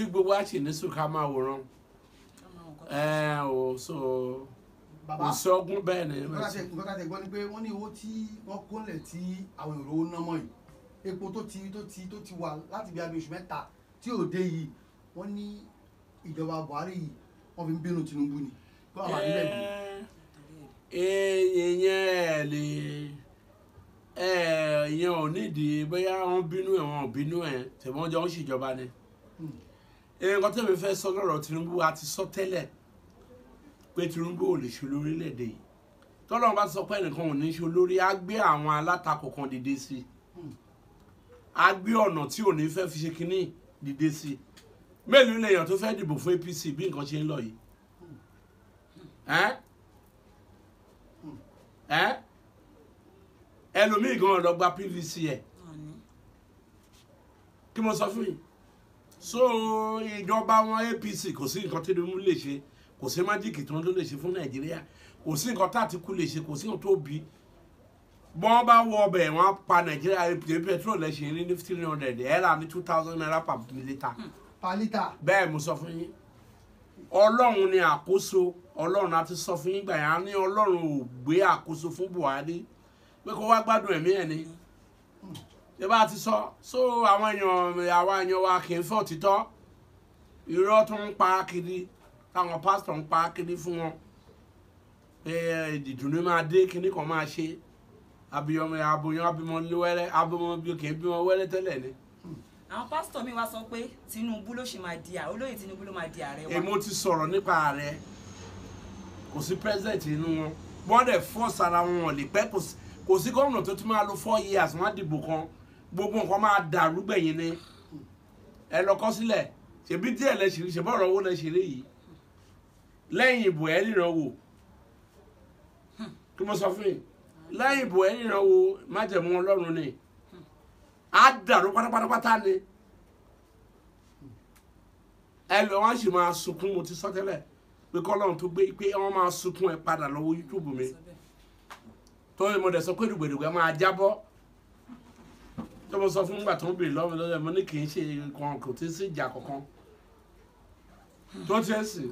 kí gbogbo àṣì ní sùkà máa wòran ẹ ò so ìṣọgún bẹ́ẹ̀ ni. nǹkan tá a ti gbọ́ ni pé wọ́n ní owó tí wọ́n kó lẹ̀ tí àwọn èrò ó ná mọ́ yìí epo tó ti tó ti tó ti wà láti bí abẹ́ oṣù mẹ́ta tí ò dé yìí wọ́n ní ìjọba Buhari yìí wọ́n fi ń bínú Tinubu ni kó àwọn àdúgbò yìí. èèyàn yẹn lè èèyàn ò nídìí bóyá wọ́n bínú ẹ̀ wọ́n ò bínú ẹ̀ tẹ̀wọ́n jọ ń ṣèjọba ni. Hmm nǹkan tẹ́mi fẹ́ sọ lọ́rọ̀ Tinubu a ti sọ tẹ́lẹ̀ pé Tinubu ò lè ṣe lórílẹ̀‐èdè yìí tọ́lọ́run bá sọ pé ẹnìkan ò ní ṣe olórí á gbé àwọn alátakò kan dìde sí i á gbé ọ̀nà tí ò ní fẹ́ fi ṣe kínní dìde sí i mélòó lèèyàn tó fẹ́ dìbò fún APC bí nǹkan ṣe ń lọ yìí ẹlòmíì gan-an lọ gba PVC ẹ̀ kí mo sọ fún yìí so ìjọba wọn APC kò sí nǹkan tí Tinubu lè ṣe kò sí májíkì tí wọn tó lè ṣe fún Nàìjíríà kò sí nǹkan tÁtíkù lè ṣe kò sí nǹkan tó bí bọ́n bá wọ ọbẹ̀ wọn pa Nàìjíríà petrol lẹ́sìn ní fifteen hundred ẹ̀ rà ní two thousand naira per litre. per litre. bẹ́ẹ̀ mo sọ fún yín ọlọ́run ni àkóso ọlọ́run àti sọ fún yín gbà yẹn á ní ọlọ́run ò gbé àkóso fún Buhari pé kó wá gbádùn ẹ̀mí ẹ̀ ni ṣé bá ti sọ so àwọn èèyàn àwa èèyàn wa kì í fọ́ òtítọ́ irọ́ tó ń pa kiri táwọn pásítọ̀ ń pa kiri fún wọn pé eh, ìdùnnú máa dé kíní kan máa ṣe abiyamọ aboyan abimọ wẹrẹ abimọ bí kì í bímọ wẹrẹ tẹ́lẹ̀ ni. àwọn pásítọ̀ mi wá sọ pé Tinubu ló ṣe máa di ààrẹ olóyè Tinubu ló máa di ààrẹ wa. èmo ti sọ̀rọ̀ nípa ààrẹ kò sí president inú wọn wọ́n dẹ̀ fọ́ sára wọn lè pẹ́ kò sí gómìnà tó tún máa lo four years wọ́n á dìbò kan gbogbo nǹkan máa dàrú gbẹ̀yìn ni ẹ lọ kọ sílẹ̀ ṣèbí díẹ̀ lẹ ṣeré ṣèbí ọ̀rọ̀ owó lẹ ṣeré yìí lẹ́yìn ìbò ẹ ríran wò kí mo sọ fún yìí lẹ́yìn ìbò ẹ ríran wò májẹ̀mú ọlọ́run ni á dàrú pátápátá ni ẹ lọ wọn sì máa sunkún mo ti sọ tẹ́lẹ̀ pé kọ́lọ́run tó gbé pé wọ́n máa sunkún ẹ padà lọ́wọ́ YouTube mi tó yẹ mo dẹ̀ sọ pé dùgbẹ̀dùgbẹ̀ máa jábọ́ tó mo sọ fún nígbà tó ń bèrè lọ́wọ́ lọ́wọ́ mo ní kì í ṣe nǹkan kò tí ì sí ìjà kankan tó ti ẹ̀ sì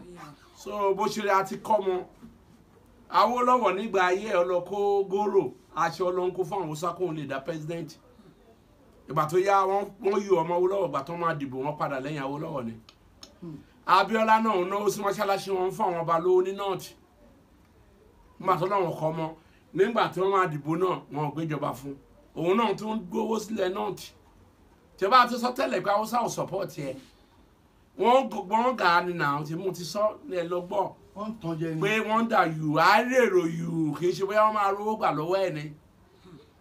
so bó ṣe rẹ̀ àti kọ́ mọ́ Awólọ́wọ̀ nígbà ayé ẹ̀ góró aṣọ ọlọ́run fún àwọn sákòó lè dá president ìgbà tó yá wọ́n yọ ọmọ Awólọ́wọ̀ ìgbà tó máa dìbò wọn padà lẹ́yìn Awólọ́wọ̀ ni Abíọ́lá náà ń náwó sí mọ́ṣáláṣí wọn fún àwọn ọba lówó ní nọ́ọ̀tì nígbà tó lọ́wọ́ kọ́ mọ́ nígbà tó máa dìbò náà wọn ò gbéjọba fún un òun náà tún gbówó sílẹ̀ náà tì tí ó bá ti sọ tẹ́lẹ̀ pé haúsá ò sọ́pọ̀tì ẹ̀ wọ́n gbọ́n gà á nínà tí mo ti sọ ẹ lọ́gbọ́n pé wọ́n dà yù á rèrò yù kì í ṣe bóyá wọ́n máa rówó gbà lọ́wọ́ ẹ̀ ni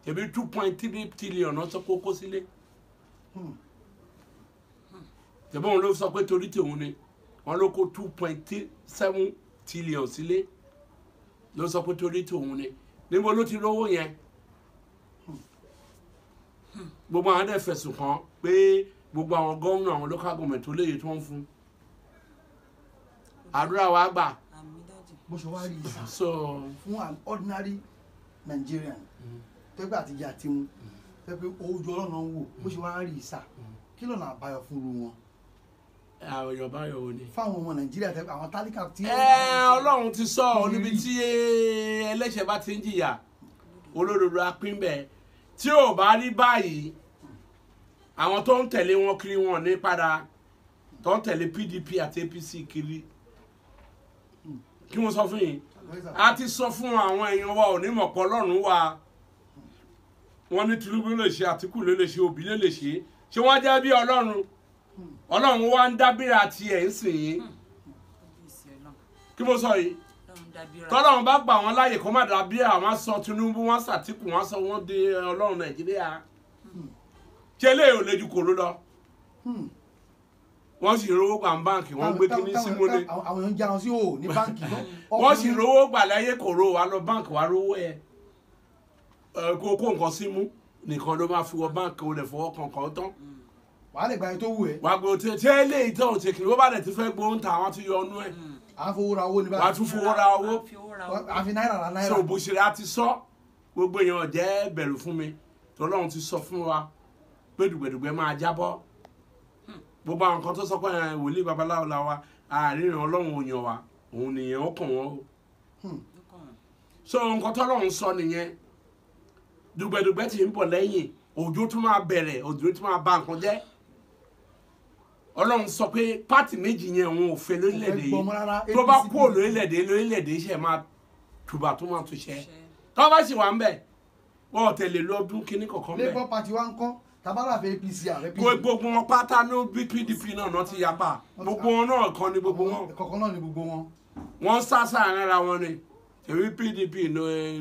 tẹ̀bí two point three trillion náà sọ kókó sílé hmm. tẹ̀bí òun ló sọ pé torí tòun ni wọ́n ló kó two point seven trillion sílé ló sọ pé torí tòun ni níbo ló ti rówó yẹn gbogbo àwọn dẹ̀ fẹ̀sùn pé gbogbo àwọn gómìnà àwọn local government tó léyìí tó ń fún àdúrà wa gbà. bó ṣe wá rí ìsà fún an ordinary Nigerian tẹ́gbẹ́ àtijọ́ àti mu tẹ́gbẹ́ ojú ọlọ́run ń wò bó ṣe wá rí ìsà kí lọ́nà àbáyọ fún irú wọn. àwọn yorùbá yóò wò fáwọn ọmọ nàìjíríà tẹ́gbẹ́ àwọn tálíkà tí. ẹ ọlọ́run ti sọ ọ níbi tí ẹlẹ́ṣẹ̀ bá ti ń jìyà olódodo apínbẹ̀ẹ́ tí ò bá rí báyìí àwọn tó ń tẹ̀lé wọn kiri wọn ní padà tó ń tẹ̀lé PDP àti APC kiri kí wọ́n sọ fún yín a ti sọ fún àwọn èèyàn wa ò ní mọ̀pọ̀ lọ́rùn wa wọ́n ní Tinubu lè ṣe Àtíkù lè ṣe Òbí lè ṣe ṣé wọ́n jẹ́ bí Ọlọ́run Ọlọ́run wa ń dábìrà tiẹ̀ ń sìn yín kí mo sọ yìí tọ́lọ́run bá gbà wọ́n láàyè kó má dàbí àwọn sọ Tinubu wọ́n sàtìkù wọ́n sọ wọ́n di eh, ọlọ́run Nàìjíríà hmm. ṣé lè ò lejù kòró lọ hmm. wọ́n sì rówó gbà ní báǹkì wọ́n gbé kíní sí múlẹ̀ àwọn èèyàn jarun sí òò ní báǹkì wọ́n sì rówó gbà láyé kòró wa lọ báǹkì wa rówó ẹ kó kó nǹkan sí mú nìkan ló máa fi wọ báǹkì olè fọwọ́ kankan tán wàá lè gba ẹ tó wù ẹ. wàá gbé o ìtọ́ òtẹ̀kì ló bá dẹ̀ ti fẹ́ gbóhùn ta ti yọ ọnú ẹ̀. Hmm àfowóra owó ní báyìí wàá tún fowóra owó àfi náírà ra náírà. so bó ṣe ra ti sọ gbogbo èèyàn jẹ́ bẹ̀rù fún mi tọ́lọ́run ti sọ fún wa gbẹdùgbẹdùgbẹ máa jábọ́ hmm. gbogbo àwọn kan tó sọ pé wòlíì babaláwo la wa àríyàn ọlọ́run ò yàn wa òun nìyẹn ó kàn wọ́n o hmm. so nǹkan tọ́lọ́run sọ nìyẹn dùgbẹdùgbẹ ti ń bọ̀ lẹ́yìn òjò tún máa bẹ̀rẹ̀ òjò tún máa bà nǹkan jẹ́ ọlọ́run sọ pé pátì méjì yẹn òun ò fẹ́ lórílẹ̀‐èdè yìí tó bá kú lórílẹ̀‐èdè lórílẹ̀‐èdè ṣe máa tùbà tó máa túṣẹ tó bá sì wà ń bẹ̀ wọ́n ò tẹ̀lé lọ́dún kínní kọ̀ọ̀kan bẹ̀. labour party wa ń kọ́ tabala fẹ́ apc ààrẹ pdp. gbogbo wọn pátá ló bí pdp náà náà ti yapa gbogbo wọn náà kan ni gbogbo wọn. kọ̀ọ̀kan náà ni gbogbo wọn. wọ́n sá sáàárín ara wọn ni èmi pdp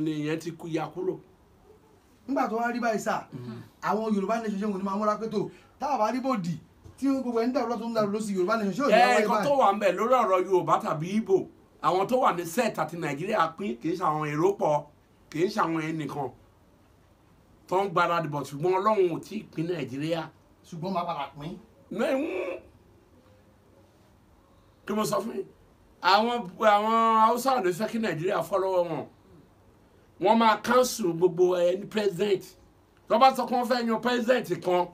ni ìyẹn ti ya kúrò. nígbà tó wá rí báyìí sá mm-hmm. àwọn yorùbá nation ṣe wọn ni máa múra pé tó táwọn bá rí bòdì tí gbogbo ẹni dàrú lọ́tún dàrú lọ́sí yorùbá nation ṣé òyìnbó wáyé báyìí. ẹ̀ẹ́kan tó wà ń bẹ̀ lórí ọ̀rọ̀ yorùbá tàbí ibo àwọn tó wà ní set àti nàìjíríà pín kì í ṣàwọn èrò pọ̀ kì í ṣàwọn ẹnìkan tó ń gbáradì bọ̀ ṣùgbọ́n ọlọ́run ò tí ì pín nàìjíríà. ṣùgbọ́n máa padà pín. kí mo sọ fún yín àwọn àwọn haúsá ò ní fẹ́ kí nàìjíríà fọ́ lọ́wọ́ wọn wọ́n máa káńsù gbogbo ẹni pírẹ́sidẹ̀ntì tó bá sọ pé wọ́n fẹ́ yan pírẹ́sidẹ̀ntì kan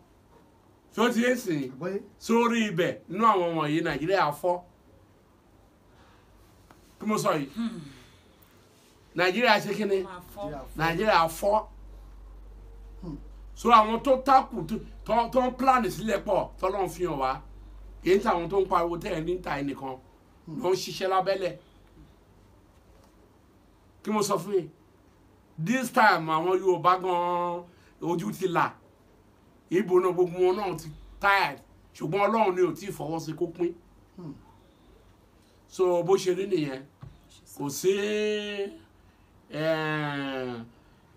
tó ti ń sìn sórí ibẹ̀ nínú àwọn wọ̀nyí nàìjíríà fọ́ kí mo sọ yìí hmm. nàìjíríà ṣe kí ni nàìjíríà fọ́ hmm. so àwọn tó takù tó ń plan sílẹ̀ pọ̀ tọ́lọ́n fi hàn wá kì í tàwọn tó ń pariwo tẹ̀ ní ta ẹnìkan ló hmm. ń ṣiṣẹ́ lábẹ́lẹ̀ kí mo sọ fún yìí this time àwọn yorùbá gan-an ojú ti là ibo náà gbogbo wọn náà ti tired ṣùgbọ́n ọlọ́run ni ò tí ì fọwọ́ sí kó pín hmm. so bó ṣe rí nìyẹn kò sí eh,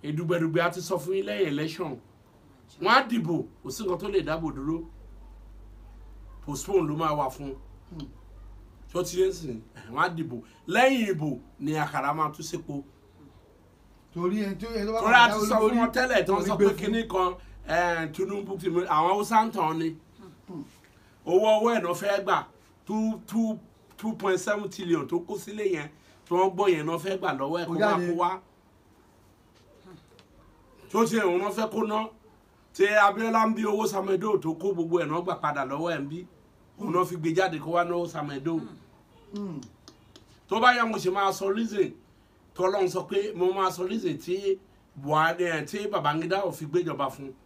ìdúgbẹ̀dùgbẹ̀ a ti sọ fún yín lẹ́yìn election wọn á dìbò kò sí nǹkan tó lè dáàbò dúró postpone ló máa wà fún tó hmm. ti yẹn sìn wọn á dìbò lẹ́yìn ìbò ni àkàrà máa tún sépo torí ẹ tó yẹ tó bá wà láwọn olórí torí a ti sọ fún wọn tẹ́lẹ̀ tó ń sọ pé kinní kan Tinubu ti mú àwọn Hausa ń tàn ni owó ọwọ́ ẹ̀ náà fẹ́ gbà two two two point seven trillion tó kó sílé yẹn tí wọ́n gbọ́ yẹn náà fẹ́ gbà lọ́wọ́ ẹ̀ kó wá kó wá tó ti ẹ̀wọ̀n náà kó ná ṣe Abiola ń bí owó Samedo tó kó gbogbo ẹ̀ náà gbà padà lọ́wọ́ ẹ̀ ń bí òun náà fi gbé jáde kó wá náwó Samedo tó bá yá mo ṣe máa sọ reason tọ́lọ́run sọ pé mo máa sọ reason tí Babangida ò fi gbéjọba fún un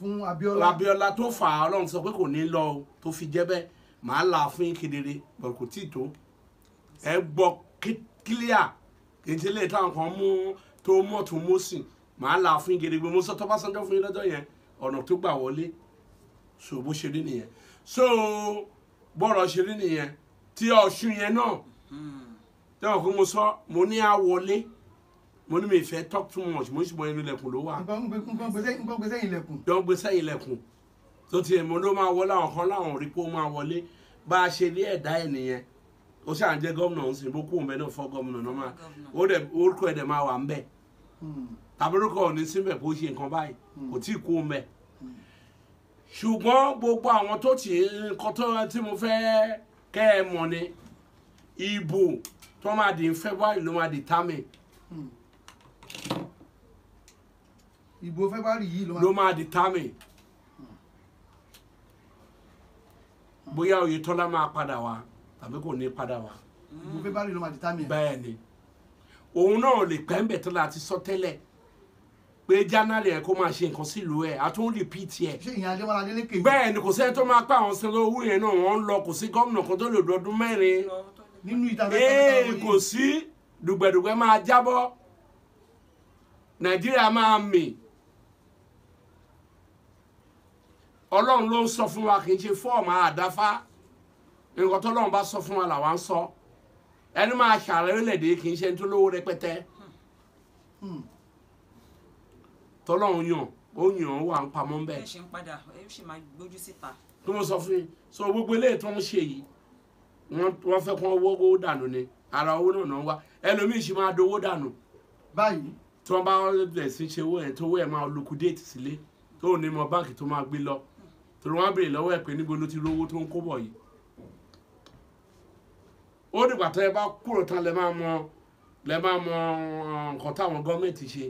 fún Abiola Abiola tó fà á Ọlọ́run sọ pé kò ní lọ tó fi jẹ́ bẹ́ẹ̀ màá là fún yín kedere bọ̀rọ̀ kò tí ì tó ẹ gbọ́ kílíà kejì lè táwọn kan mú tó mú ọ̀tún mú sìn màá là fún yín kedere mo sọ tó bá sanjọ́ fún yín lọ́jọ́ yẹn ọ̀nà tó gbà wọlé so bó ṣe rí nìyẹn so bọ́rọ̀ ṣe rí nìyẹn tí Ọ̀ṣun yẹn náà hmm. tẹ́wọ̀n kó mo sọ mo ní àwọlé mo ní mi fẹ́ talk too much mo sì mọ inú ilẹ̀kùn ló wà. nǹkan gbèsè ilẹ̀kùn. jọ gbèsè ilẹ̀kùn tó tiẹ̀ mo ló máa wọlé àwọn kan láwọn rí pé ó máa wọlé bá a ṣe ní ẹ̀dá ẹ̀ nìyẹn ó ṣáà ń jẹ́ gómìnà ń sìn bó kú òun náà fọ́ gómìnà náà máa ó dẹ̀ orúkọ ẹ̀ dẹ̀ máa wà ń bẹ̀ hmm. tàbórúkọ ò ní síbẹ̀ bó ṣe nǹkan báyìí hmm. kò tí ì kú òun bẹ̀ ṣùgbọ́n gbogbo àwọn tó ti nǹkan tí mo fẹ́ kẹ́ ẹ mọ̀ ni ìbò tó máa di February ló máa di tami ìbò february yìí ló máa determine hmm. bóyá oyetola máa padà wá tàbí kò ní padà wá. ìbò february ló máa determine. bẹ́ẹ̀ ni òun náà lè pẹ́ ń bẹ̀ tó láti sọ tẹ́lẹ̀ pé jánàlì ẹ̀ kó máa ṣe nǹkan sílùú ẹ̀ àtún repeat ẹ̀. ṣé ìyá adéwọlá délé kéwì. bẹ́ẹ̀ ni kò sẹ́ni tó máa pa àwọn sẹ́lẹ̀ owó yẹn náà wọ́n ń lọ kò sí gómìnà kan tó lè dọdún mẹ́rin. nínú ìta fẹ́ kọ́ ọ́ kò sí dùgbẹ̀dùgbẹ̀ máa jábọ́ nàìjíríà máa mì ọlọ́run ló ń sọ fún wa kì í ṣe fọ́ọ̀mù àdáfá nǹkan tọ́lọ́run bá sọ fún wa làwa ń sọ ẹni máa ṣàárẹ̀ orílẹ̀-èdè kì í ṣe tó lówó rẹpẹtẹ hmm. tọ́lọ́run yàn ó yàn ó wà ń pamọ́ ń bẹ̀. ẹ ṣe ń padà ẹ ṣe máa gbójú síta. tó mo sọ fún yín sọ gbogbo eléyìí tó ń ṣe yìí wọ́n fẹ́ kó owó owó dànù ni ara owó náà náà wá ẹlòmíì ṣì máa dowó dànù. báyìí. tí wọ́n bá rẹ̀ sí ṣe owó ẹ̀ tó owó ẹ̀ máa lukudéètì sílé tó ní mọ báǹkì tó máa gbé lọ torí wọ́n á béèrè lọ́wọ́ ẹ̀ pé níbo ló ti rówó tó ń kó bọ̀ yìí ó dìgbà tó ẹ bá kúrò tán lẹ máa mọ lẹ máa mọ uh, nǹkan táwọn gọ́ọ̀mẹ̀ntì ṣe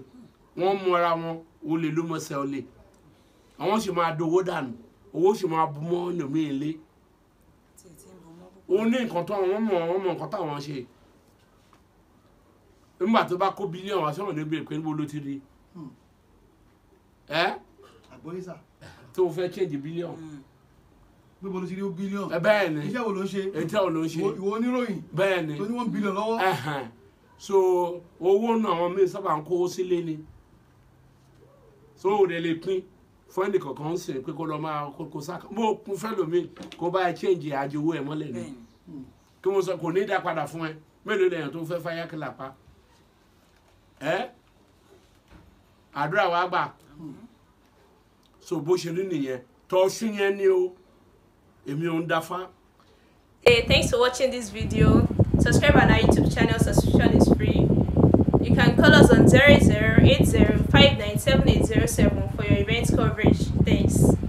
wọ́n mọra wọn olè ló mọ̀ọ́sẹ̀ olè àwọn sì máa dowó dànù owó sì máa bu mọ́ ọ̀nà mí ilé ó ní nǹkan tó wọ́n mọ̀ wọ́n mọ̀ nǹkan táwọn ṣe nígbà tó bá kó bílíọ̀nù wá sọ̀rọ̀ níbi ìpínlẹ̀ wo ló hmm. àgbóyè sáà tó fẹ́ change billion. Mm. pé bọ́lá ti rí billion. Eh, bẹ́ẹ̀ ni iṣẹ́ wo ló ń ṣe. iṣẹ́ wo ló ń ṣe. ìwọ oníròyìn. bẹ́ẹ̀ ni tó ní one billion lọ́wọ́. so owó náà àwọn míì sábà ń kówó sílé ni so òde lè pín fún ẹnì kọ̀ọ̀kan ń sìn pé kó lọ máa kó sáà mo kún fẹ́ lómi kó bá ẹ change àjò owó ẹ mọ́lẹ̀ ni hmm. kí wọ́n sọ kò ní dá padà fún ẹ mélòó lẹ́yìn tó fẹ́ fáyà kìlà pa ẹ́ àdúrà wa gbà so bó ṣe rí nìyẹn tọ́ṣú yẹn ni o èmi ò ń dáfá. hey thanks for watching this video subscribe on our youtube channel subscription is free you can call us on zero zero eight zero five nine seven eight zero seven for your event coverage thanks.